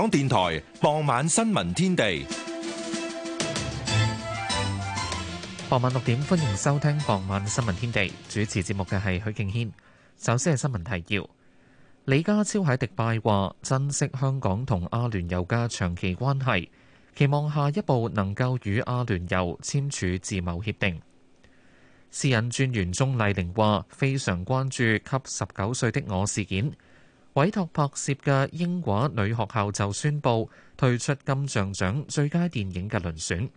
港電台傍晚新聞天地，傍晚六點，歡迎收聽傍晚新聞天地。主持節目嘅係許敬軒。首先係新聞提要：李家超喺迪拜話，珍惜香港同阿聯酋嘅長期關係，期望下一步能夠與阿聯酋簽署自貿協定。私隱專員鍾麗玲話，非常關注給十九歲的我事件。委託拍攝嘅英華女學校就宣布退出金像獎最佳電影嘅輪選。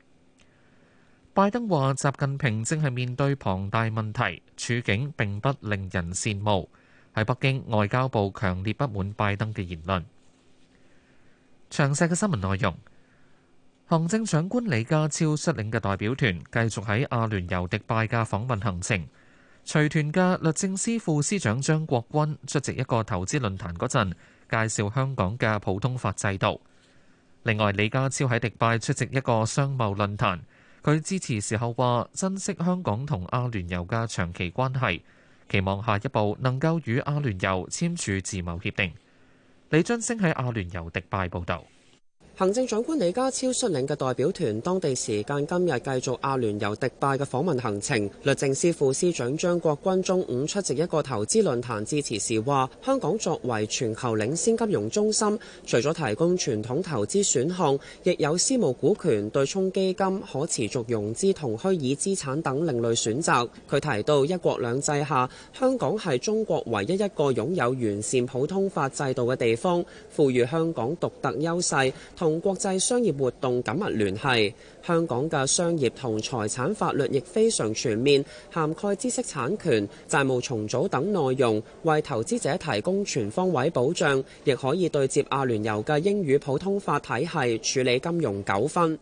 拜登話習近平正係面對龐大問題，處境並不令人羨慕。喺北京，外交部強烈不滿拜登嘅言論。詳細嘅新聞內容，行政長官李家超率領嘅代表團繼續喺阿聯酋迪拜嘅訪問行程。隨團嘅律政司副司長張國鈞出席一個投資論壇嗰陣，介紹香港嘅普通法制度。另外，李家超喺迪拜出席一個商貿論壇，佢致辭時候話，珍惜香港同阿聯酋嘅長期關係，期望下一步能夠與阿聯酋簽署自貿協定。李津升喺阿聯酋迪拜報道。行政長官李家超率領嘅代表團，當地時間今日繼續阿聯酋迪拜嘅訪問行程。律政司副司長張國鈞中午出席一個投資論壇致辭時話，香港作為全球領先金融中心，除咗提供傳統投資選項，亦有私募股權、對沖基金、可持續融資、同虛擬資產等另類選擇。佢提到一國兩制下，香港係中國唯一一個擁有完善普通法制度嘅地方，賦予香港獨特優勢同。同國際商業活動緊密聯繫，香港嘅商業同財產法律亦非常全面，涵蓋知識產權、債務重組等內容，為投資者提供全方位保障，亦可以對接阿聯酋嘅英語普通法體系，處理金融糾紛。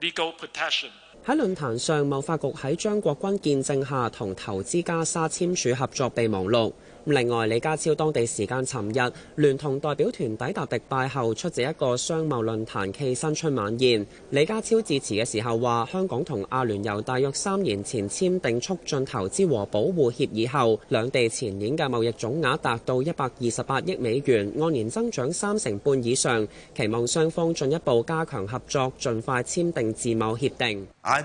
喺論壇上，貿發局喺張國軍見證下，同投資加沙簽署合作備忘錄。另外，李家超當地時間尋日聯同代表團抵達迪拜後，出席一個商貿論壇暨新春晚宴。李家超致辭嘅時候話：香港同阿聯酋大約三年前簽訂促進投資和保護協議後，兩地前年嘅貿易總額達到一百二十八億美元，按年增長三成半以上。期望雙方進一步加強合作，盡快簽訂自貿協定。I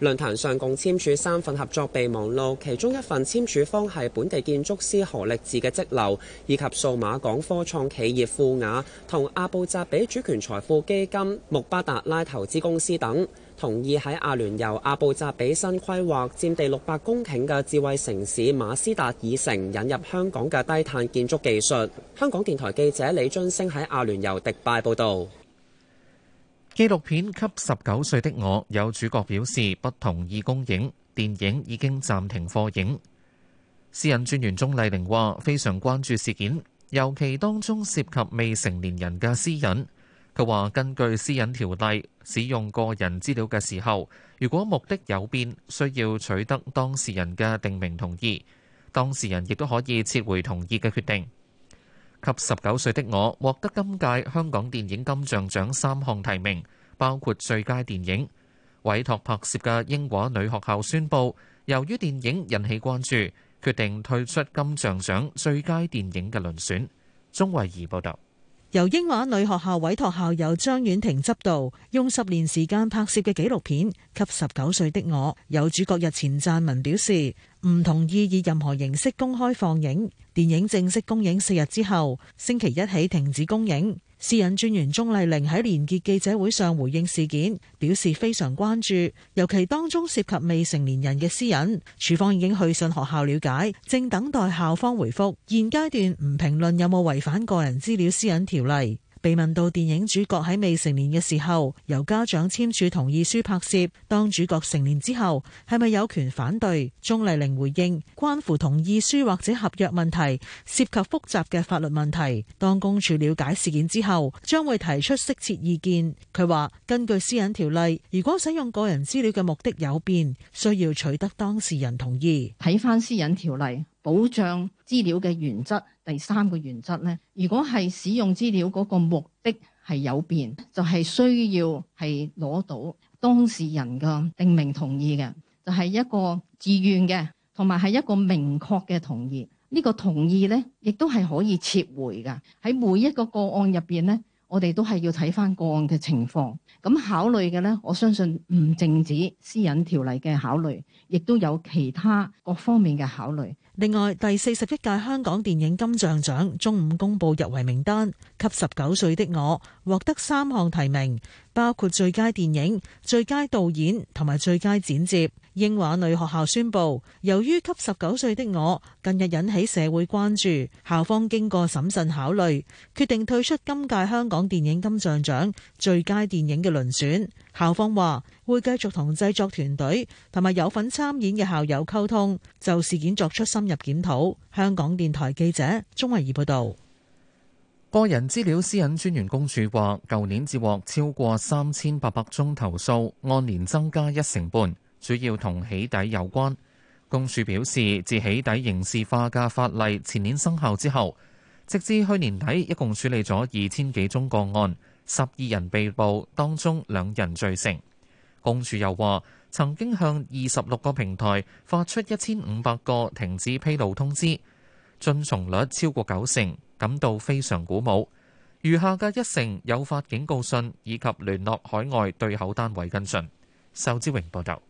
論壇上共簽署三份合作備忘錄，其中一份簽署方係本地建築師何力智嘅「積流」，以及數碼港科創企業富雅同阿布扎比主權財富基金穆巴達拉投資公司等，同意喺阿聯酋阿布扎比新規劃佔地六百公頃嘅智慧城市馬斯達爾城引入香港嘅低碳建築技術。香港電台記者李津升喺阿聯酋迪拜報道。紀錄片給十九歲的我，有主角表示不同意公映，電影已經暫停放映。私隱專員鍾麗玲話：非常關注事件，尤其當中涉及未成年人嘅私隱。佢話：根據私隱條例，使用個人資料嘅時候，如果目的有變，需要取得當事人嘅訂明同意，當事人亦都可以撤回同意嘅決定。給十九歲的我獲得今屆香港電影金像獎三項提名，包括最佳電影。委託拍攝嘅英華女學校宣布，由於電影引起關注，決定退出金像獎最佳電影嘅輪選。鍾慧儀報道。由英華女學校委託校友張婉婷執導，用十年時間拍攝嘅紀錄片《給十九歲的我》。有主角日前撰文表示，唔同意以任何形式公開放映。電影正式公映四日之後，星期一起停止公映。私隱專員鍾麗玲喺連結記者會上回應事件，表示非常關注，尤其當中涉及未成年人嘅私隱。署方已經去信學校了解，正等待校方回覆。現階段唔評論有冇違反個人資料私隱條例。被問到電影主角喺未成年嘅時候由家長簽署同意書拍攝，當主角成年之後係咪有權反對？鍾麗玲回應關乎同意書或者合約問題，涉及複雜嘅法律問題。當公署了解事件之後，將會提出適切意見。佢話根據私隱條例，如果使用個人資料嘅目的有變，需要取得當事人同意。睇返私隱條例，保障資料嘅原則，第三個原則呢，如果係使用資料嗰個目的係有變，就係、是、需要係攞到當事人嘅訂明同意嘅，就係、是、一個自願嘅，同埋係一個明確嘅同意。呢、這個同意呢，亦都係可以撤回㗎。喺每一個個案入邊呢。我哋都係要睇翻個案嘅情況，咁考慮嘅呢，我相信唔淨止私隱條例嘅考慮，亦都有其他各方面嘅考慮。另外，第四十一屆香港電影金像獎中午公布入圍名單，《給十九歲的我》獲得三項提名，包括最佳電影、最佳導演同埋最佳剪接。英華女學校宣布，由於《給十九歲的我》近日引起社會關注，校方經過審慎考慮，決定退出今屆香港電影金像獎最佳電影嘅輪選。校方話會繼續同製作團隊同埋有份參演嘅校友溝通，就事件作出深入檢討。香港電台記者鍾慧儀報道。個人資料私隱專員公署話，舊年接獲超過三千八百宗投訴，按年增加一成半。主要同起底有關。公署表示，自起底刑事化嘅法例前年生效之後，直至去年底，一共處理咗二千幾宗個案，十二人被捕，當中兩人罪成。公署又話，曾經向二十六個平台發出一千五百個停止披露通知，遵從率超過九成，感到非常鼓舞。餘下嘅一成有發警告信，以及聯絡海外對口單位跟進。仇志榮報道。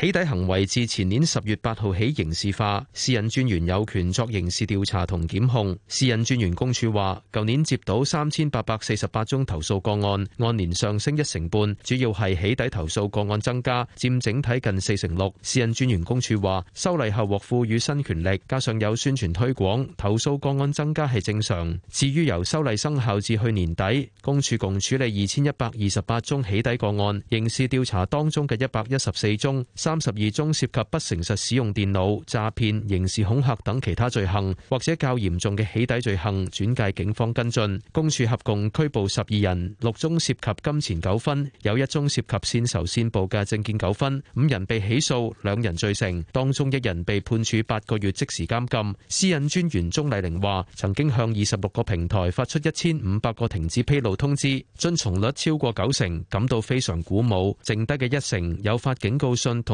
起底行為自前年十月八號起刑事化，私隱專員有權作刑事調查同檢控。私隱專員公署話，舊年接到三千八百四十八宗投訴個案，按年上升一成半，主要係起底投訴個案增加，佔整體近四成六。私隱專員公署話，修例後獲賦予新權力，加上有宣傳推廣，投訴個案增加係正常。至於由修例生效至去年底，公署共處理二千一百二十八宗起底個案，刑事調查當中嘅一百一十四宗。三十二宗涉及不誠實使用電腦、詐騙、刑事恐嚇等其他罪行，或者較嚴重嘅起底罪行，轉介警方跟進。公署合共拘捕十二人，六宗涉及金錢糾紛，有一宗涉及先籌先報嘅證件糾紛。五人被起訴，兩人罪成，當中一人被判處八個月即時監禁。私隱專員鍾麗玲話，曾經向二十26個平台發出1500個停止披露通知，遵從率超過九成，感到非常鼓舞。剩低嘅一成有發警告信同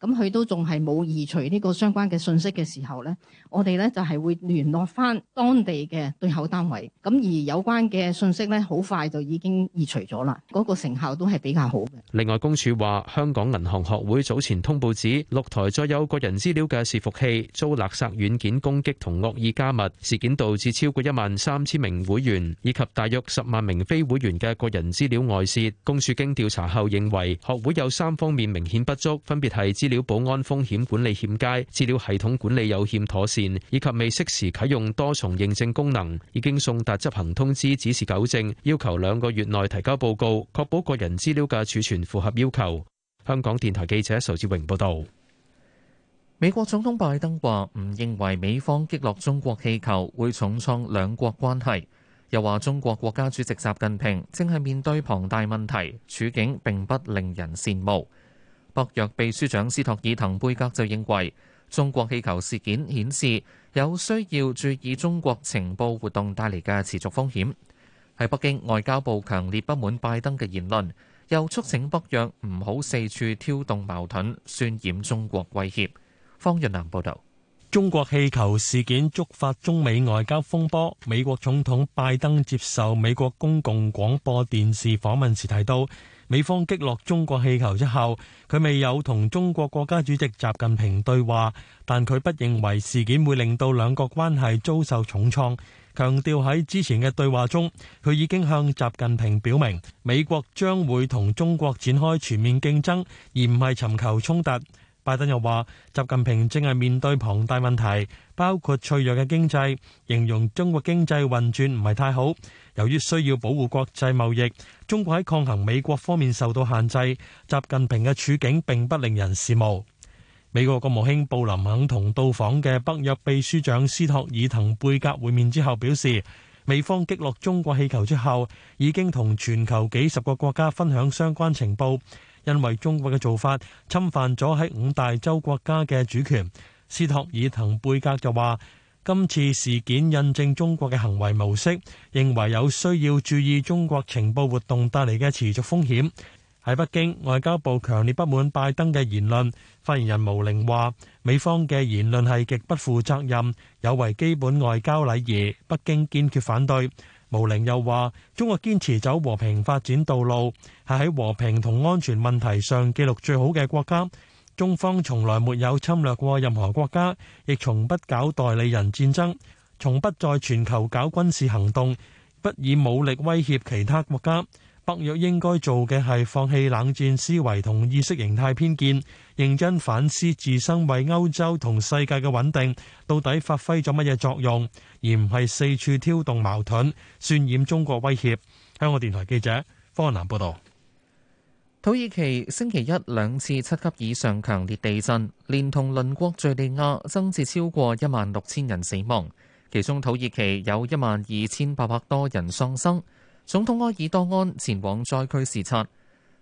咁佢都仲係冇移除呢個相關嘅信息嘅時候咧，我哋咧就係會聯絡翻當地嘅對口單位。咁而有關嘅信息咧，好快就已經移除咗啦。嗰個成效都係比較好嘅。另外，公署話香港銀行學會早前通報指，六台載有個人資料嘅伺服器遭勒索軟件攻擊同惡意加密事件，導致超過一萬三千名會員以及大約十萬名非會員嘅個人資料外泄。公署經調查後認為學會有三方面明顯不足，分別係資資料保安風險管理欠佳，資料系統管理有欠妥善，以及未適時啟用多重認證功能，已經送達執行通知，指示糾正，要求兩個月內提交報告，確保個人資料嘅儲存符合要求。香港電台記者仇志榮報道。美國總統拜登話唔認為美方擊落中國氣球會重創兩國關係，又話中國國家主席習近平正係面對龐大問題，處境並不令人羨慕。北約秘書長斯托爾滕貝格就認為，中國氣球事件顯示有需要注意中國情報活動帶嚟嘅持續風險。喺北京，外交部強烈不滿拜登嘅言論，又促請北約唔好四處挑動矛盾，渲染中國威脅。方潤南報道，中國氣球事件觸發中美外交風波。美國總統拜登接受美國公共廣播電視訪問時提到。美方擊落中國氣球之後，佢未有同中國國家主席習近平對話，但佢不認為事件會令到兩國關係遭受重創，強調喺之前嘅對話中，佢已經向習近平表明美國將會同中國展開全面競爭，而唔係尋求衝突。拜登又話：習近平正係面對龐大問題，包括脆弱嘅經濟，形容中國經濟運轉唔係太好。由於需要保護國際貿易，中國喺抗衡美國方面受到限制，習近平嘅處境並不令人羨慕。美國國務卿布林肯同到訪嘅北約秘書長斯托爾滕貝格會面之後表示，美方擊落中國氣球之後，已經同全球幾十個國家分享相關情報。因為中國嘅做法侵犯咗喺五大洲國家嘅主權，斯托爾滕貝格就話：今次事件印證中國嘅行為模式，認為有需要注意中國情報活動帶嚟嘅持續風險。喺北京，外交部強烈不滿拜登嘅言論，發言人毛寧話：美方嘅言論係極不負責任，有違基本外交禮儀，北京堅決反對。毛寧又話，中國堅持走和平發展道路，係喺和平同安全問題上記錄最好嘅國家。中方從來沒有侵略過任何國家，亦從不搞代理人戰爭，從不在全球搞軍事行動，不以武力威脅其他國家。北約應該做嘅係放棄冷戰思維同意識形態偏見，認真反思自身為歐洲同世界嘅穩定到底發揮咗乜嘢作用，而唔係四處挑動矛盾、渲染中國威脅。香港電台記者方南報道。土耳其星期一兩次七級以上強烈地震，連同鄰國敘利亞增至超過一萬六千人死亡，其中土耳其有一萬二千八百多人喪生。總統埃爾多安前往災區視察。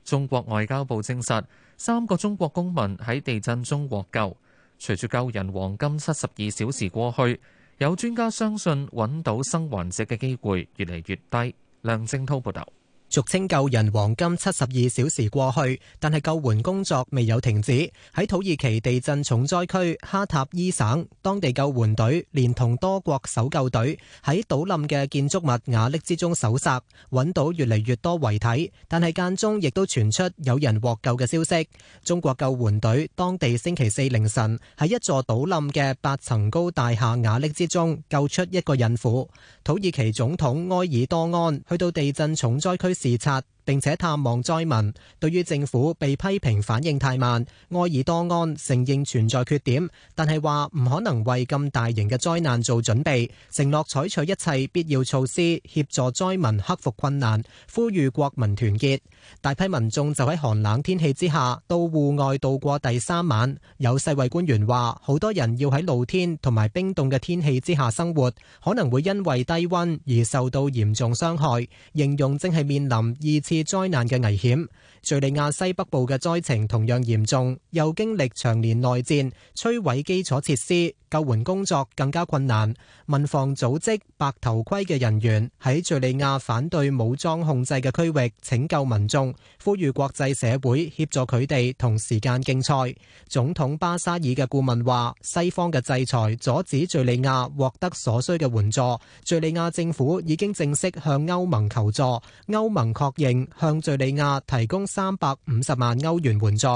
中國外交部證實，三個中國公民喺地震中獲救。隨住救人黃金七十二小時過去，有專家相信揾到生還者嘅機會越嚟越低。梁正濤報道。俗稱救人黃金七十二小時過去，但係救援工作未有停止。喺土耳其地震重災區哈塔伊省，當地救援隊連同多國搜救隊喺倒冧嘅建築物瓦礫之中搜索，揾到越嚟越多遺體，但係間中亦都傳出有人獲救嘅消息。中國救援隊當地星期四凌晨喺一座倒冧嘅八層高大廈瓦礫之中救出一個孕婦。土耳其總統埃爾多安去到地震重災區視察。並且探望災民，對於政府被批評反應太慢，埃爾多安承認存在缺點，但係話唔可能為咁大型嘅災難做準備，承諾採取一切必要措施協助災民克服困難，呼籲國民團結。大批民眾就喺寒冷天氣之下到戶外度過第三晚。有世衛官員話，好多人要喺露天同埋冰凍嘅天氣之下生活，可能會因為低温而受到嚴重傷害，形容正係面臨二次。災難嘅危險，敘利亞西北部嘅災情同樣嚴重，又經歷長年內戰，摧毀基礎設施，救援工作更加困難。民防組織白頭盔嘅人員喺敘利亞反對武裝控制嘅區域拯救民眾，呼籲國際社會協助佢哋同時間競賽。總統巴沙爾嘅顧問話，西方嘅制裁阻止敘利亞獲得所需嘅援助。敘利亞政府已經正式向歐盟求助，歐盟確認。向敘利亞提供三百五十萬歐元援助。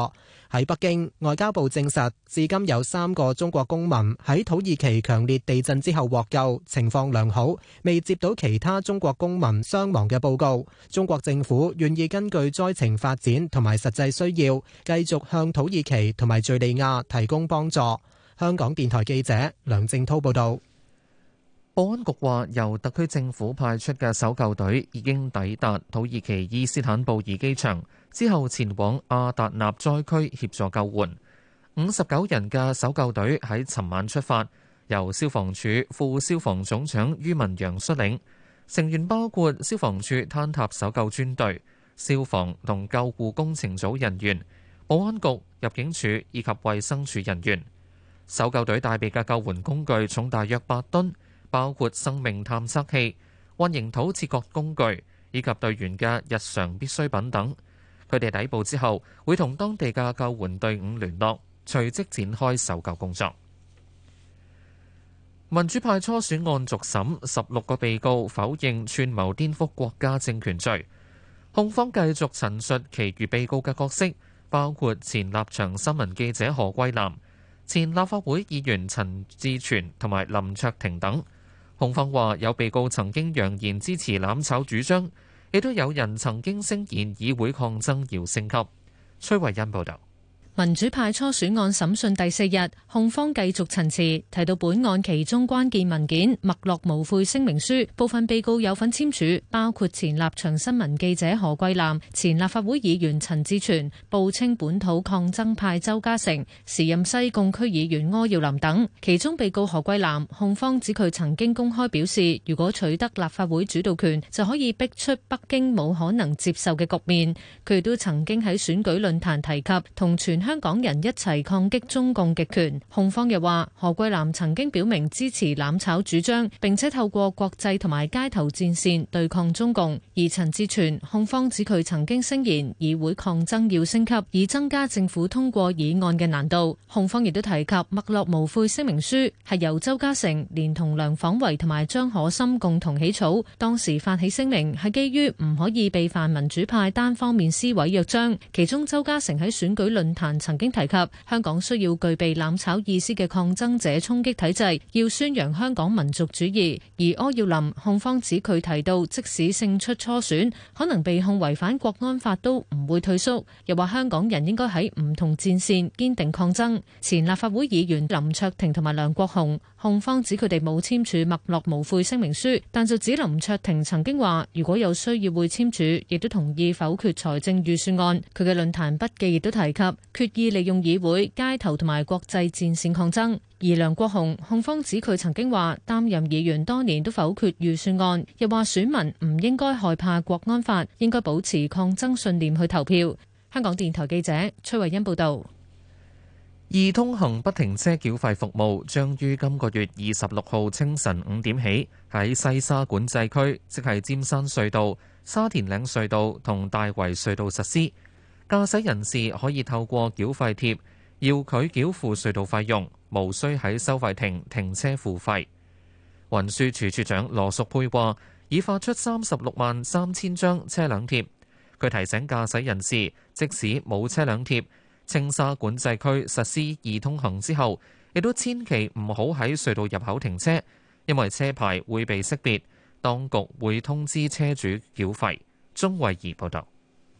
喺北京，外交部證實，至今有三個中國公民喺土耳其強烈地震之後獲救，情況良好，未接到其他中國公民傷亡嘅報告。中國政府願意根據災情發展同埋實際需要，繼續向土耳其同埋敘利亞提供幫助。香港電台記者梁正滔報導。保安局話，由特區政府派出嘅搜救隊已經抵達土耳其伊斯坦布爾機場，之後前往阿達納災區協助救援。五十九人嘅搜救隊喺尋晚出發，由消防處副消防總長于文揚率領，成員包括消防處坍塌搜救專隊、消防同救護工程組人員、保安局、入境處以及衛生署人員。搜救隊帶備嘅救援工具重大約八噸，包括生命探測器、混凝土切割工具以及隊員嘅日常必需品等。佢哋抵埠之後會同當地嘅救援隊伍聯絡，隨即展開搜救工作。民主派初選案續審，十六個被告否認串謀顛覆國家政權罪，控方繼續陳述其餘被告嘅角色，包括前立場新聞記者何桂藍、前立法會議員陳志全同埋林卓廷等。控方話有被告曾經揚言支持攬炒主張，亦都有人曾經聲言議會抗爭要升級。崔慧欣報道。民主派初選案審訊第四日，控方繼續陳詞，提到本案其中關鍵文件《墨落無悔聲明書》，部分被告有份簽署，包括前立場新聞記者何桂藍、前立法會議員陳志全、報稱本土抗爭派鄒家成、時任西貢區議員柯耀林等。其中被告何桂藍，控方指佢曾經公開表示，如果取得立法會主導權，就可以逼出北京冇可能接受嘅局面。佢亦都曾經喺選舉論壇提及同全。香港人一齊抗擊中共極權。控方又話何桂藍曾經表明支持攬炒主張，並且透過國際同埋街頭戰線對抗中共。而陳志全，控方指佢曾經聲言議會抗爭要升級，以增加政府通過議案嘅難度。控方亦都提及《墨落無悔聲明書》係由鄒家成連同梁晃維同埋張可心共同起草，當時發起聲明係基於唔可以被泛民主派單方面撕毀約章。其中鄒家成喺選舉論壇。曾經提及香港需要具備攬炒意思嘅抗爭者衝擊體制，要宣揚香港民族主義。而柯耀林控方指佢提到，即使勝出初選，可能被控違反國安法都唔會退縮，又話香港人應該喺唔同戰線堅定抗爭。前立法會議員林卓廷同埋梁國雄控方指佢哋冇簽署墨落無悔聲明書，但就指林卓廷曾經話如果有需要會簽署，亦都同意否決財政預算案。佢嘅論壇筆記亦都提及。決意利用議會、街頭同埋國際戰線抗爭。而梁國雄控方指佢曾經話擔任議員多年都否決預算案，又話選民唔應該害怕國安法，應該保持抗爭信念去投票。香港電台記者崔慧欣報道：「易通行不停車繳費服務將於今個月二十六號清晨五點起喺西沙管制區，即係尖山隧道、沙田嶺隧道同大圍隧道實施。」駕駛人士可以透過繳費貼，要佢繳付隧道費用，無需喺收費亭停車付費。運輸署署長羅淑佩話：已發出三十六萬三千張車輛貼。佢提醒駕駛人士，即使冇車輛貼，青沙管制區實施易通行之後，亦都千祈唔好喺隧道入口停車，因為車牌會被識別，當局會通知車主繳費。鍾慧儀報道。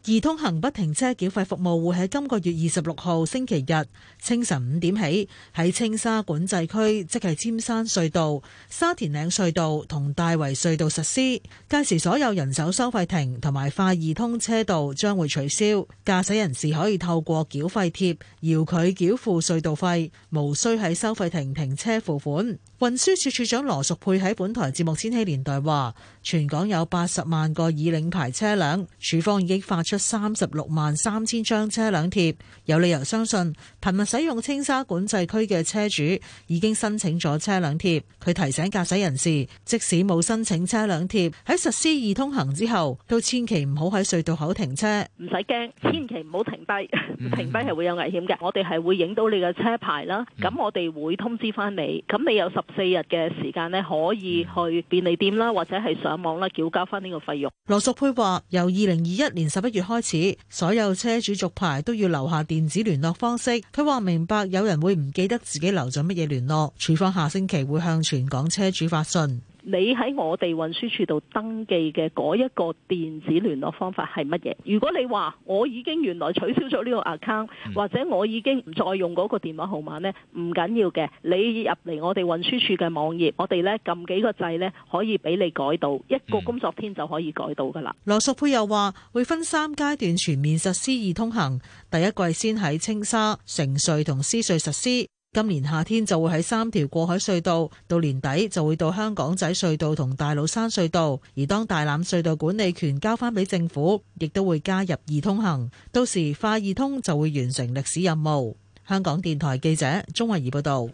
易通行不停車繳費服務會喺今個月二十六號星期日清晨五點起喺青沙管制區，即係尖山隧道、沙田嶺隧道同大圍隧道實施。屆時所有人手收費亭同埋快易通車道將會取消，駕駛人士可以透過繳費貼遙距繳付隧道費，無需喺收費亭停車付款。運輸署署長羅淑佩喺本台節目《千禧年代》話：全港有八十萬個已領牌車輛，處方已經發出。三十六萬三千張車輛貼，有理由相信頻密使用青沙管制區嘅車主已經申請咗車輛貼。佢提醒駕駛人士，即使冇申請車輛貼，喺實施易通行之後，都千祈唔好喺隧道口停車。唔使驚，千祈唔好停低， 停低係會有危險嘅。Mm hmm. 我哋係會影到你嘅車牌啦，咁我哋會通知翻你，咁你有十四日嘅時間呢，可以去便利店啦，或者係上網啦繳交翻呢個費用。羅淑佩話：由二零二一年十一月開始，所有車主續牌都要留下電子聯絡方式。佢話明白有人會唔記得自己留咗乜嘢聯絡，處方下星期會向全港車主發信。你喺我哋運輸處度登記嘅嗰一個電子聯絡方法係乜嘢？如果你話我已經原來取消咗呢個 account，或者我已經唔再用嗰個電話號碼呢，唔緊要嘅。你入嚟我哋運輸處嘅網頁，我哋呢撳幾個掣呢，可以俾你改到一個工作天就可以改到噶啦。嗯、羅淑佩又話會分三階段全面實施易通行，第一季先喺青沙、城隧同獅隧實施。今年夏天就會喺三條過海隧道，到年底就會到香港仔隧道同大老山隧道。而當大欖隧道管理權交翻俾政府，亦都會加入易通行。到時快易通就會完成歷史任務。香港電台記者鍾慧儀報道。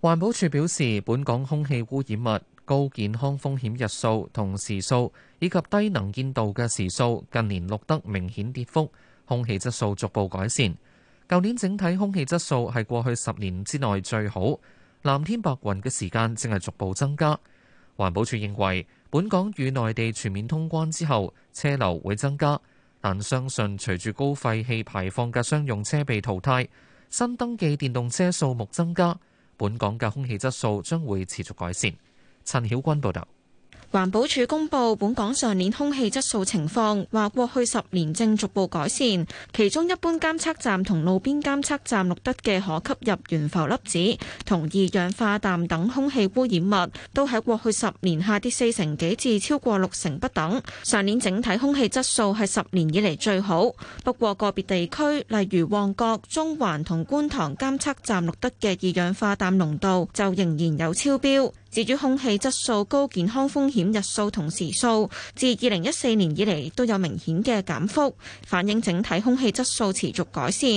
環保署表示，本港空氣污染物高健康風險日數、同時數以及低能見度嘅時數近年錄得明顯跌幅，空氣質素逐步改善。舊年整體空氣質素係過去十年之內最好，藍天白雲嘅時間正係逐步增加。環保署認為，本港與內地全面通關之後，車流會增加，但相信隨住高廢氣排放嘅商用車被淘汰，新登記電動車數目增加，本港嘅空氣質素將會持續改善。陳曉君報道。環保署公布本港上年空氣質素情況，話過去十年正逐步改善，其中一般監測站同路邊監測站錄得嘅可吸入懸浮粒子同二氧化氮等空氣污染物，都喺過去十年下跌四成幾至超過六成不等。上年整體空氣質素係十年以嚟最好，不過個別地區例如旺角、中環同觀塘監測站錄得嘅二氧化氮濃度就仍然有超標。至於空氣質素、高健康風險日數同時數，自二零一四年以嚟都有明顯嘅減幅，反映整體空氣質素持續改善。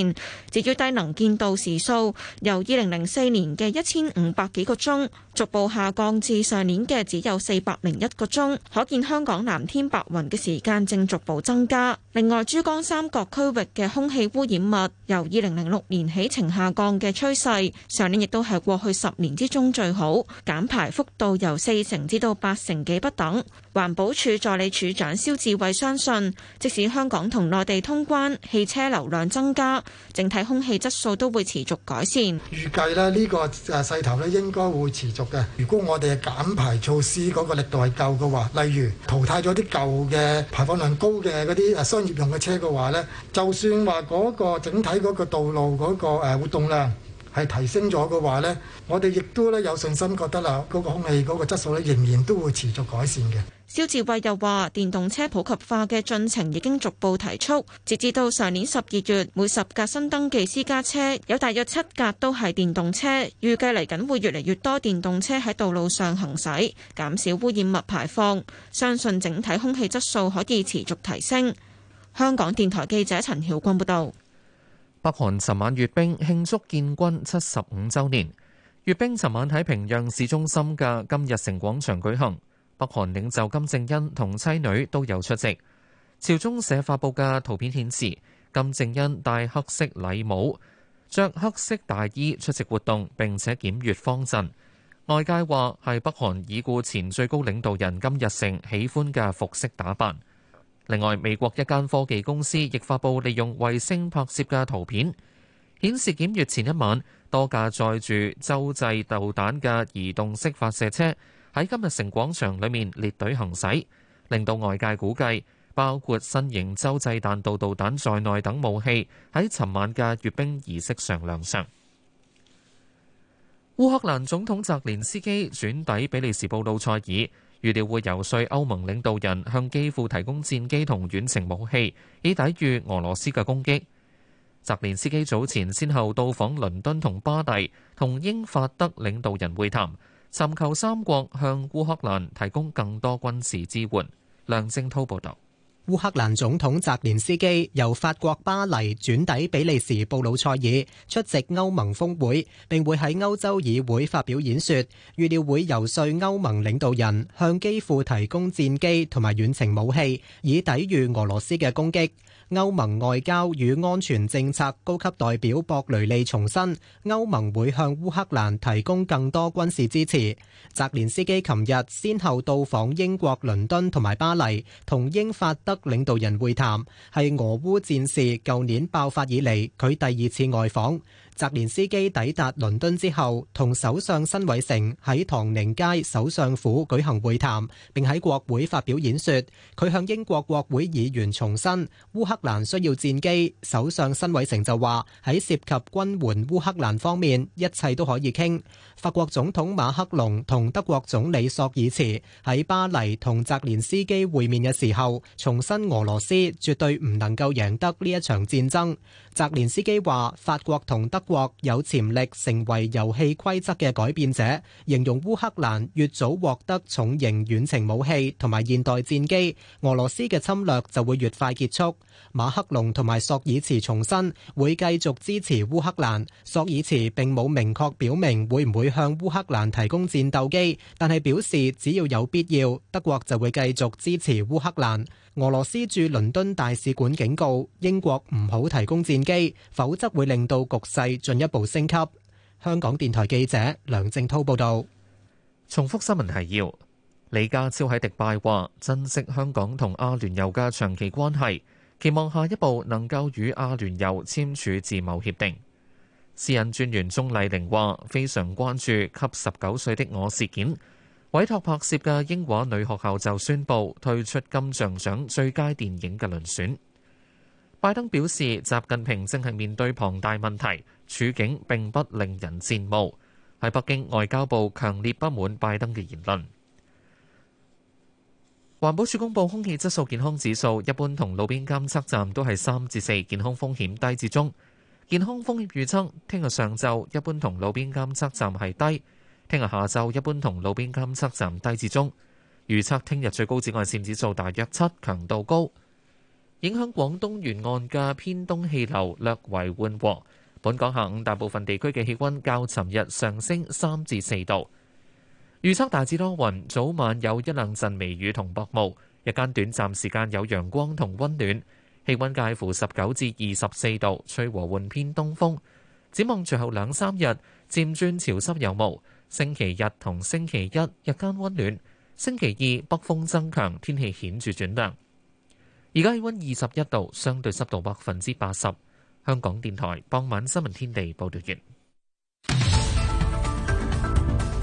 至於低能見度時數，由二零零四年嘅一千五百幾個鐘，逐步下降至上年嘅只有四百零一個鐘，可見香港藍天白雲嘅時間正逐步增加。另外，珠江三角區域嘅空氣污染物由二零零六年起呈下降嘅趨勢，上年亦都係過去十年之中最好減排。幅度由四成至到八成幾不等。環保署助理署長肖志偉相信，即使香港同內地通關、汽車流量增加，整體空氣質素都會持續改善。預計咧呢個誒勢頭咧應該會持續嘅。如果我哋嘅減排措施嗰個力度係夠嘅話，例如淘汰咗啲舊嘅排放量高嘅嗰啲商業用嘅車嘅話呢就算話嗰個整體嗰個道路嗰個誒活動量。係提升咗嘅話呢，我哋亦都咧有信心覺得喇，嗰個空氣嗰個質素咧仍然都會持續改善嘅。肖志偉又話：電動車普及化嘅進程已經逐步提速，直至到上年十二月，每十架新登記私家車有大約七架都係電動車。預計嚟緊會越嚟越多電動車喺道路上行駛，減少污染物排放，相信整體空氣質素可以持續提升。香港電台記者陳曉君報道。北韓尋晚閱兵慶祝建軍七十五週年，閱兵尋晚喺平壤市中心嘅金日成廣場舉行。北韓領袖金正恩同妻女都有出席。朝中社發布嘅圖片顯示，金正恩戴黑色禮帽，着黑色大衣出席活動並且檢閱方陣。外界話係北韓已故前最高領導人金日成喜歡嘅服飾打扮。另外，美國一間科技公司亦發布利用衛星拍攝嘅圖片，顯示檢閲前一晚，多架載住洲際導彈嘅移動式發射車喺今日城廣場裡面列隊行駛，令到外界估計，包括新型洲際彈道導彈在內等武器喺尋晚嘅閱兵儀式上亮相。烏克蘭總統澤連斯基轉抵比利時布魯塞爾。預料會游說歐盟領導人向基輔提供戰機同遠程武器，以抵禦俄羅斯嘅攻擊。澤連斯基早前先後到訪倫敦同巴黎，同英法德領導人會談，尋求三國向烏克蘭提供更多軍事支援。梁正濤報道。烏克蘭總統澤連斯基由法國巴黎轉抵比利時布魯塞爾出席歐盟峰會，並會喺歐洲議會發表演說，預料會游說歐盟領導人向基輔提供戰機同埋遠程武器，以抵禦俄羅斯嘅攻擊。歐盟外交與安全政策高級代表博雷利重申，歐盟會向烏克蘭提供更多軍事支持。澤連斯基琴日先後到訪英國倫敦同埋巴黎，同英法德領導人會談，係俄烏戰事舊年爆發以嚟佢第二次外訪。澤連斯基抵達倫敦之後，同首相辛偉成喺唐寧街首相府舉行會談，並喺國會發表演說。佢向英國國會議員重申烏克蘭需要戰機。首相辛偉成就話喺涉及軍援烏克蘭方面，一切都可以傾。法國總統馬克龍同德國總理朔爾茨喺巴黎同澤連斯基會面嘅時候，重申俄羅斯絕對唔能夠贏得呢一場戰爭。澤連斯基話法國同德。德國有潛力成為遊戲規則嘅改變者，形容烏克蘭越早獲得重型遠程武器同埋現代戰機，俄羅斯嘅侵略就會越快結束。馬克龍同埋索爾茨重申會繼續支持烏克蘭，索爾茨並冇明確表明會唔會向烏克蘭提供戰鬥機，但係表示只要有必要，德國就會繼續支持烏克蘭。俄羅斯駐倫敦大使館警告英國唔好提供戰機，否則會令到局勢進一步升級。香港電台記者梁正濤報道。重複新聞提要。李家超喺迪拜話：珍惜香港同阿聯酋嘅長期關係，期望下一步能夠與阿聯酋簽署自貿協定。私隱專員鍾麗玲話：非常關注給十九歲的我事件。委託拍攝嘅英華女學校就宣布退出金像獎最佳電影嘅輪選。拜登表示，習近平正係面對龐大問題，處境並不令人羨慕。喺北京，外交部強烈不滿拜登嘅言論。環保署公布空氣質素健康指數，一般同路邊監測站都係三至四，健康風險低至中。健康風險預測聽日上晝一般同路邊監測站係低。聽日下晝一般同路邊監測站，低至中。預測聽日最高紫外線指數大約七，強度高。影響廣東沿岸嘅偏東氣流略為緩和，本港下午大部分地區嘅氣温較尋日上升三至四度。預測大致多雲，早晚有一兩陣微雨同薄霧，日間短暫時間有陽光同温暖，氣温介乎十九至二十四度，吹和緩偏東風。展望隨後兩三日漸轉潮濕有霧。星期日同星期一日間温暖，星期二北風增強，天氣顯著轉涼。而家氣温二十一度，相對濕度百分之八十。香港電台傍晚新聞天地報道完。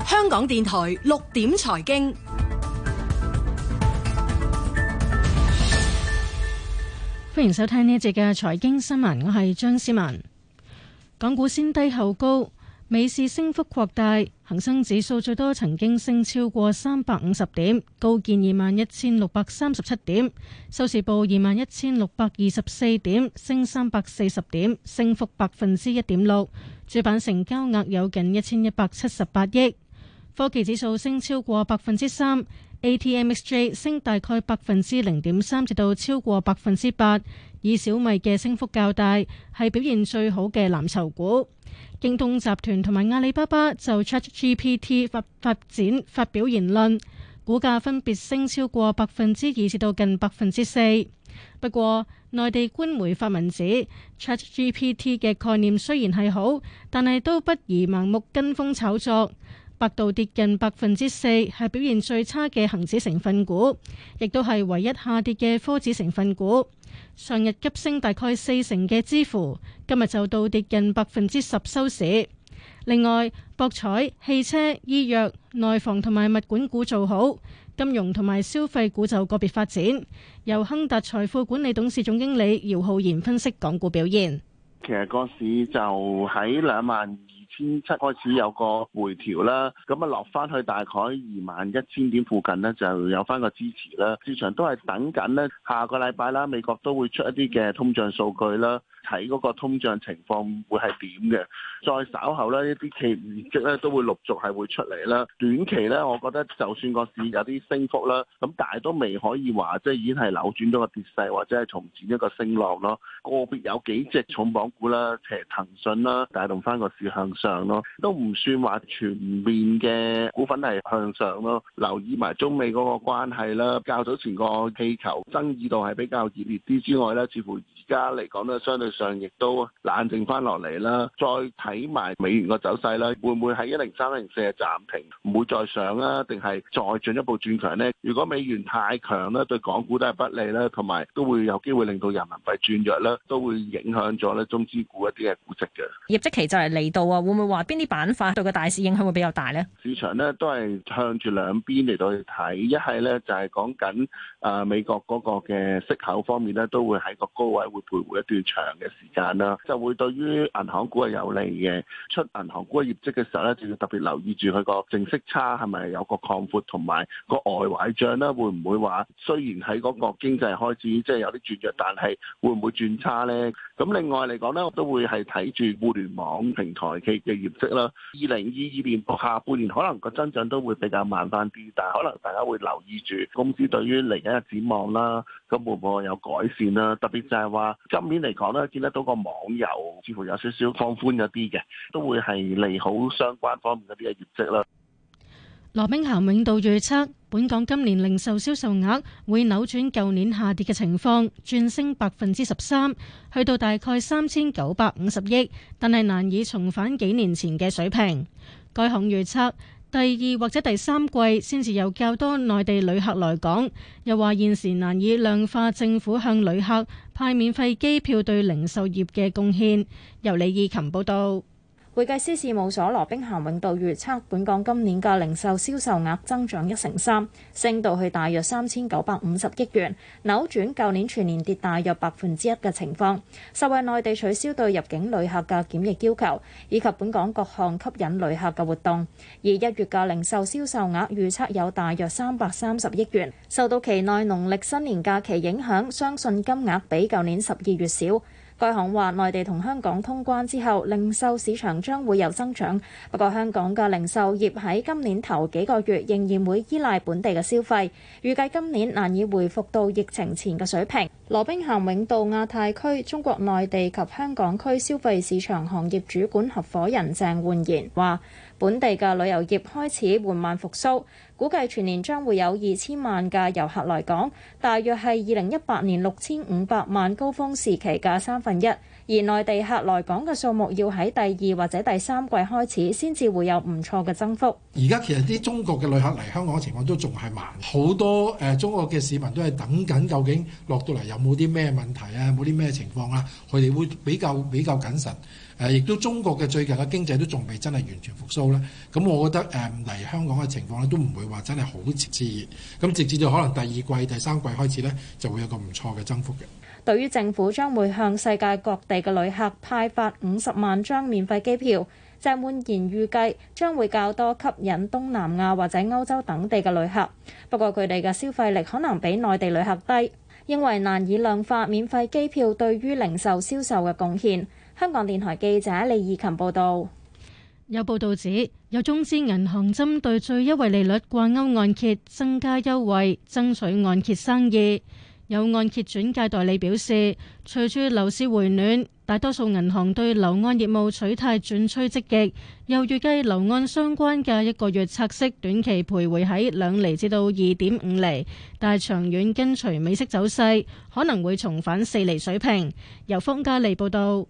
香港電台六點財經，歡迎收聽呢一節嘅財經新聞，我係張思文。港股先低後高。美市升幅擴大，恒生指數最多曾經升超過三百五十點，高見二萬一千六百三十七點，收市報二萬一千六百二十四點，升三百四十點，升幅百分之一點六。主板成交額有近一千一百七十八億，科技指數升超過百分之三。ATMXJ 升大概百分之零點三至到超過百分之八，以小米嘅升幅較大，係表現最好嘅藍籌股。京東集團同埋阿里巴巴就 ChatGPT 發發展發表言論，股價分別升超過百分之二至到近百分之四。不過，內地官媒發文指，ChatGPT 嘅概念雖然係好，但係都不宜盲目跟風炒作。百度跌近百分之四，係表現最差嘅恒指成分股，亦都係唯一下跌嘅科指成分股。上日急升大概四成嘅知乎，今日就倒跌近百分之十收市。另外，博彩、汽車、醫藥、內房同埋物管股做好，金融同埋消費股就個別發展。由亨達財富管理董事總經理姚浩然分析港股表現。其實個市就喺兩萬。先七開始有個回調啦，咁啊落翻去大概二萬一千點附近呢，就有翻個支持啦。市場都係等緊呢下個禮拜啦，美國都會出一啲嘅通脹數據啦，睇嗰個通脹情況會係點嘅。再稍後呢一啲企業業績呢，都會陸續係會出嚟啦。短期呢，我覺得就算個市有啲升幅啦，咁但係都未可以話即係已經係扭轉咗個跌勢，或者係重展一個升浪咯。個別有幾隻重磅股啦，譬如騰訊啦，帶動翻個市向上。咯，都唔算話全面嘅股份係向上咯，留意埋中美嗰個關係啦，較早前個氣球爭議度係比較熱烈啲之外咧，似乎。而家嚟講咧，相對上亦都冷靜翻落嚟啦。再睇埋美元嘅走勢咧，會唔會喺一零三零四啊暫停，唔會再上啊？定係再進一步轉強咧？如果美元太強咧，對港股都係不利啦，同埋都會有機會令到人民幣轉弱咧，都會影響咗咧中資股一啲嘅估值嘅。業績期就嚟嚟到啊！會唔會話邊啲板塊對個大市影響會比較大咧？市場咧都係向住兩邊嚟到去睇，一係咧就係講緊啊美國嗰個嘅息口方面咧，都會喺個高位，徘徊一段長嘅時間啦，就會對於銀行股係有利嘅。出銀行股嘅業績嘅時候咧，就要特別留意住佢個淨息差係咪有個擴闊，同埋個外壞賬咧，會唔會話雖然喺嗰個經濟開始即係、就是、有啲轉弱，但係會唔會轉差咧？咁另外嚟講咧，我都會係睇住互聯網平台企嘅業績啦。二零二二年下半年可能個增長都會比較慢翻啲，但係可能大家會留意住公司對於嚟緊嘅展望啦，咁會唔會有改善啦？特別就係話。今年嚟講咧，見得到個網遊似乎有少少放寬咗啲嘅，都會係利好相關方面嗰啲嘅業績啦。羅兵咸永道預測，本港今年零售銷售額會扭轉舊年下跌嘅情況，轉升百分之十三，去到大概三千九百五十億，但係難以重返幾年前嘅水平。該行預測。第二或者第三季先至有較多內地旅客來港，又話現時難以量化政府向旅客派免費機票對零售業嘅貢獻，由李以琴報道。會計師事務所羅兵咸永道預測本港今年嘅零售銷售額增長一成三，升到去大約三千九百五十億元，扭轉舊年全年跌大約百分之一嘅情況。受惠內地取消對入境旅客嘅檢疫要求，以及本港各項吸引旅客嘅活動，而一月嘅零售銷,售銷售額預測有大約三百三十億元。受到期內農曆新年假期影響，相信金額比舊年十二月少。該行話，內地同香港通關之後，零售市場將會有增長。不過，香港嘅零售業喺今年頭幾個月仍然會依賴本地嘅消費，預計今年難以回復到疫情前嘅水平。羅兵咸永道亞太區中國內地及香港區消費市場行業主管合伙人鄭煥然話。本地嘅旅遊業開始緩慢復甦，估計全年將會有二千萬嘅遊客來港，大約係二零一八年六千五百萬高峰時期嘅三分一。而內地客來港嘅數目要喺第二或者第三季開始先至會有唔錯嘅增幅。而家其實啲中國嘅旅客嚟香港嘅情況都仲係慢，好多誒中國嘅市民都係等緊究竟落到嚟有冇啲咩問題啊，冇啲咩情況啊，佢哋會比較比較謹慎。誒，亦都中國嘅最近嘅經濟都仲未真係完全復甦咧。咁，我覺得誒嚟香港嘅情況咧都唔會話真係好熱。咁直至到可能第二季、第三季開始呢，就會有個唔錯嘅增幅嘅。對於政府將會向世界各地嘅旅客派發五十萬張免費機票，鄭滿賢預計將會較多吸引東南亞或者歐洲等地嘅旅客。不過佢哋嘅消費力可能比內地旅客低，認為難以量化免費機票對於零售銷售嘅貢獻。香港電台記者李怡琴報道，有報道指有中資銀行針對最優惠利率掛鈎按揭增加優惠，爭取按揭生意。有按揭轉介代理表示，隨住樓市回暖，大多數銀行對樓按業務取態轉趨積極。又預計樓按相關嘅一個月拆息短期徘徊喺兩厘至到二點五厘，但係長遠跟隨美息走勢，可能會重返四厘水平。由方嘉利報道。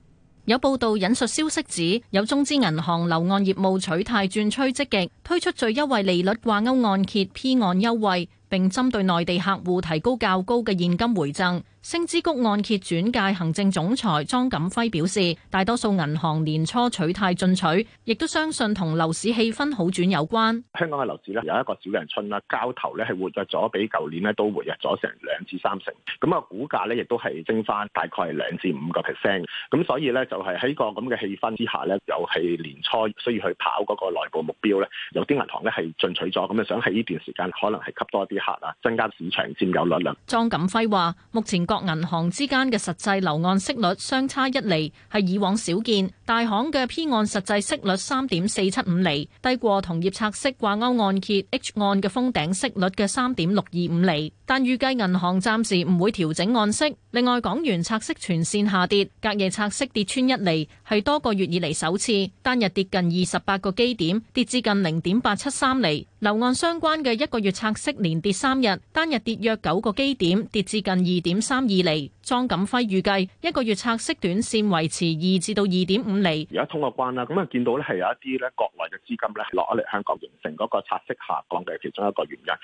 有報道引述消息指，有中資銀行流岸業務取態轉趨積極，推出最優惠利率掛鈎按揭、批按優惠，並針對內地客戶提高較高嘅現金回贈。星之谷按揭轉介行政總裁莊錦輝表示，大多數銀行年初取貸進取，亦都相信同樓市氣氛好轉有關。香港嘅樓市呢有一個小陽春啦，交投呢係活躍咗，比舊年呢都活躍咗成兩至三成。咁啊，股價呢亦都係升翻，大概係兩至五個 percent。咁所以呢，就係喺個咁嘅氣氛之下呢，有係年初需要去跑嗰個內部目標呢有啲銀行呢係進取咗，咁啊想喺呢段時間可能係吸多啲客啊，增加市場佔有率啦。莊錦輝話：目前各銀行之間嘅實際樓按息率相差一厘，係以往少見。大行嘅 P 按實際息率三點四七五厘，低過同業拆息掛鈎按揭 H 按嘅封頂息率嘅三點六二五厘。但預計銀行暫時唔會調整按息。另外，港元拆息全線下跌，隔夜拆息跌穿一厘，係多個月以嚟首次，單日跌近二十八個基點，跌至近零點八七三厘。樓按相關嘅一個月拆息連跌三日，單日跌約九個基點，跌至近二點三二厘，莊錦輝預計一個月拆息短線維持二至 2. 到二點五厘。而家通咗關啦，咁啊見到呢係有一啲呢國內嘅資金呢落咗嚟香港，形成嗰個拆息下降嘅其中一個原因。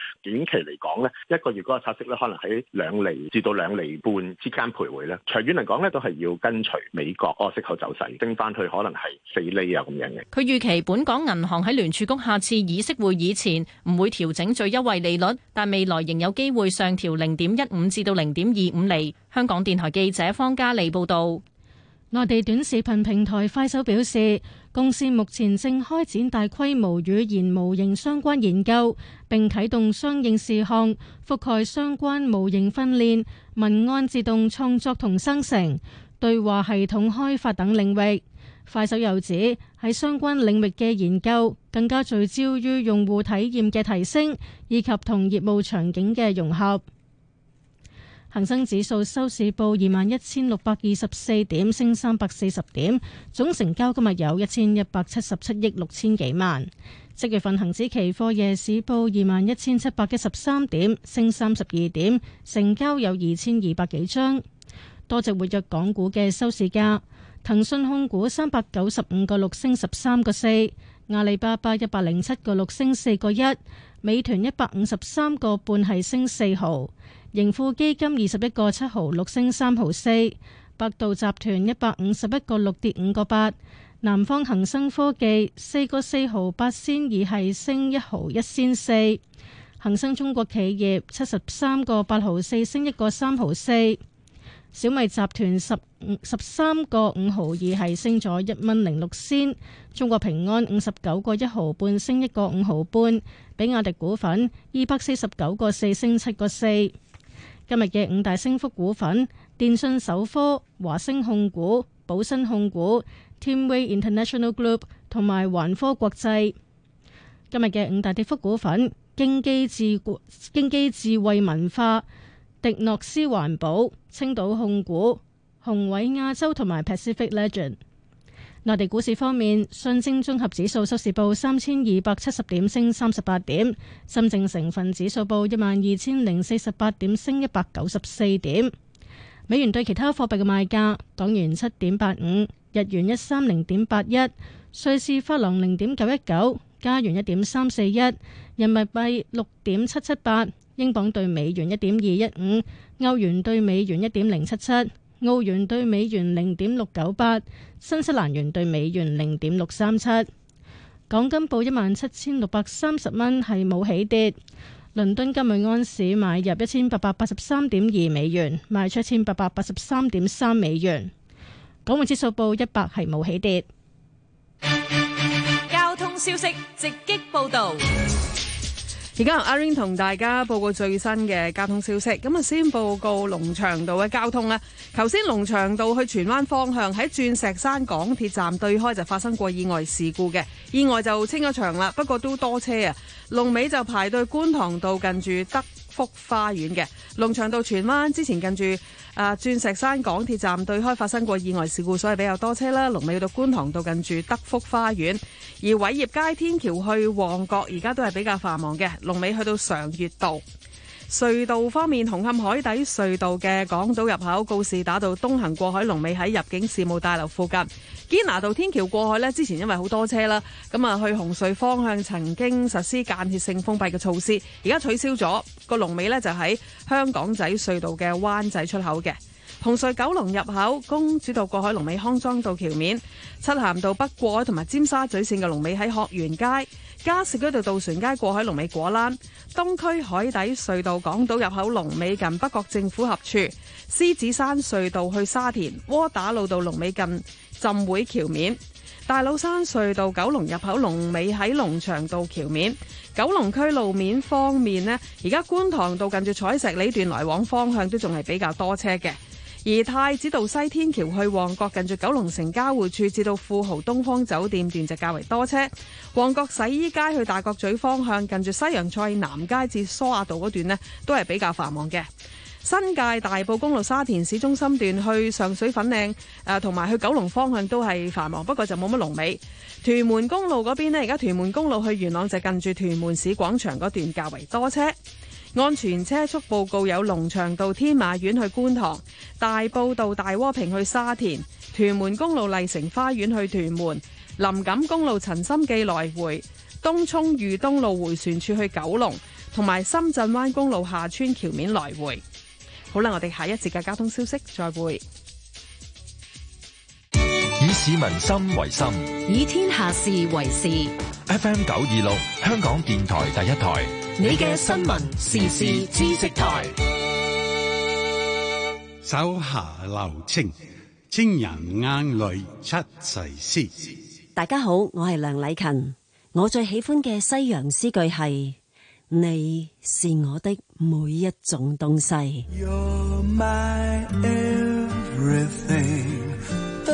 短期嚟講呢，一個月嗰個拆息呢可能喺兩厘至到兩厘半之間徘徊呢，長遠嚟講呢，都係要跟隨美國嗰個息口走勢，升翻去可能係四厘啊咁樣嘅。佢預期本港銀行喺聯儲局下次議息會議前唔會調整最優惠利率，但未來仍有機會上調零點一五至到零點二五。嚟，香港電台記者方嘉莉報道。內地短視頻平台快手表示，公司目前正開展大規模語言模型相關研究，並啟動相應事項，覆蓋相關模型訓練、文案自動創作同生成、對話系統開發等領域。快手又指，喺相關領域嘅研究更加聚焦於用戶體驗嘅提升，以及同業務場景嘅融合。恒生指數收市報二萬一千六百二十四點，升三百四十點，總成交今日有一千一百七十七億六千幾萬。七月份恒指期貨夜市報二萬一千七百一十三點，升三十二點，成交有二千二百幾張。多隻活躍港股嘅收市價，騰訊控股三百九十五個六升十三個四，阿里巴巴一百零七個六升四個一，美團一百五十三個半係升四毫。盈富基金二十一個七毫六升三毫四，百度集團一百五十一個六跌五個八，南方恒生科技四個四毫八仙二係升一毫一仙四，恒生中國企業七十三個八毫四升一個三毫四，小米集團十五十三個五毫二係升咗一蚊零六仙，中國平安五十九個一毫半升一個五毫半，比亞迪股份二百四十九個四升七個四。今日嘅五大升幅股份：電信首科、華星控股、寶新控股、Teamway International Group 同埋環科國際。今日嘅五大跌幅股份：京基智、京基智慧文化、迪諾斯環保、青島控股、宏偉亞洲同埋 Pacific Legend。內地股市方面，上證綜合指數收市報三千二百七十點，升三十八點；深證成分指數報一萬二千零四十八點，升一百九十四點。美元對其他貨幣嘅賣價：港元七點八五，日元一三零點八一，瑞士法郎零點九一九，加元一點三四一，人民幣六點七七八，英鎊兌美元一點二一五，歐元兌美元一點零七七。澳元兌美元零點六九八，新西蘭元兌美元零點六三七，港金報一萬七千六百三十蚊，係冇起跌。倫敦金每安士買入一千八百八十三點二美元，賣出一千八百八十三點三美元。港匯指數報一百，係冇起跌。交通消息直擊報道。而家阿 Ring 同大家報告最新嘅交通消息。咁啊，先報告龍翔道嘅交通啦。頭先龍翔道去荃灣方向喺鑽石山港鐵站對開就發生過意外事故嘅，意外就清咗場啦，不過都多車啊。龍尾就排到觀塘道近住德福花園嘅，龍翔道荃灣，之前近住。啊！鑽石山港鐵站對開發生過意外事故，所以比較多車啦。龍尾去到觀塘道近住德福花園，而偉業街天橋去旺角，而家都係比較繁忙嘅。龍尾去到常悅道。隧道方面，紅磡海底隧道嘅港島入口告士打道東行過海龍尾喺入境事務大樓附近，堅拿道天橋過海咧，之前因為好多車啦，咁啊去紅隧方向曾經實施間歇性封閉嘅措施，而家取消咗個龍尾呢就喺香港仔隧道嘅灣仔出口嘅。紅隧九龍入口公主道過海龍尾康莊道橋面，漆咸道北過海同埋尖沙咀線嘅龍尾喺鶴園街，加士居道渡船街過海龍尾果欄，東區海底隧道港島入口龍尾近北角政府合處，獅子山隧道去沙田窩打老道龍尾近浸會橋面，大老山隧道九龍入口龍尾喺龍翔道橋面。九龍區路面方面呢，而家觀塘道近住彩石里段來往方向都仲係比較多車嘅。而太子道西天橋去旺角近住九龍城交匯處，至到富豪東方酒店段就較為多車。旺角洗衣街去大角咀方向，近住西洋菜南街至梳亞道嗰段呢，都係比較繁忙嘅。新界大埔公路沙田市中心段去上水粉嶺誒，同埋去九龍方向都係繁忙，不過就冇乜龍尾。屯門公路嗰邊呢，而家屯門公路去元朗，就近住屯門市廣場嗰段較為多車。安全車速報告有龍翔道天馬苑去觀塘、大埔道大窩坪去沙田、屯門公路麗城花園去屯門、林錦公路陳心記來回、東涌裕東路回旋處去九龍，同埋深圳灣公路下村橋面來回。好啦，我哋下一節嘅交通消息，再會。以市民心為心，以天下事為事。FM 九二六，香港電台第一台，你嘅新聞時事知識台。手下留情，情人眼裏出西施。大家好，我係梁禮勤。我最喜歡嘅西洋詩句係：你是我的每一種東西。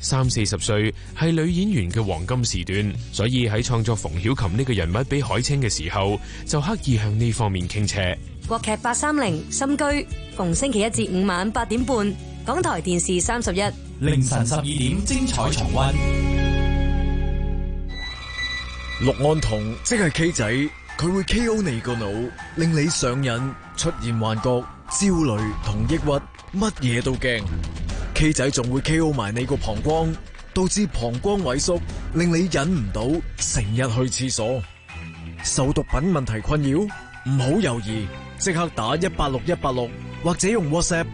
三四十歲係女演員嘅黃金時段，所以喺創作馮曉琴呢個人物俾海清嘅時候，就刻意向呢方面傾斜。國劇八三零新居逢星期一至五晚八點半，港台電視三十一凌晨十二點精彩重溫。氯胺酮即係 K 仔，佢會 KO 你個腦，令你上癮、出現幻覺、焦慮同抑鬱，乜嘢都驚。K 仔仲會 KO 埋你個膀胱，導致膀胱萎縮，令你忍唔到，成日去廁所。受毒品問題困擾，唔好猶豫，即刻打一八六一八六或者用 WhatsApp。